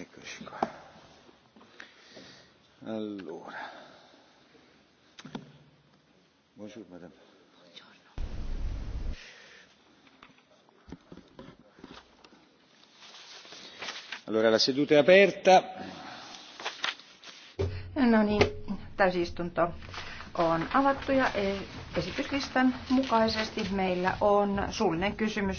Eccoci qua. Allora. Buongiorno, madame. Buongiorno. Allora, la seduta è aperta. No niin, täysistunto on avattu ja e- esityslistan mukaisesti meillä on suullinen kysymys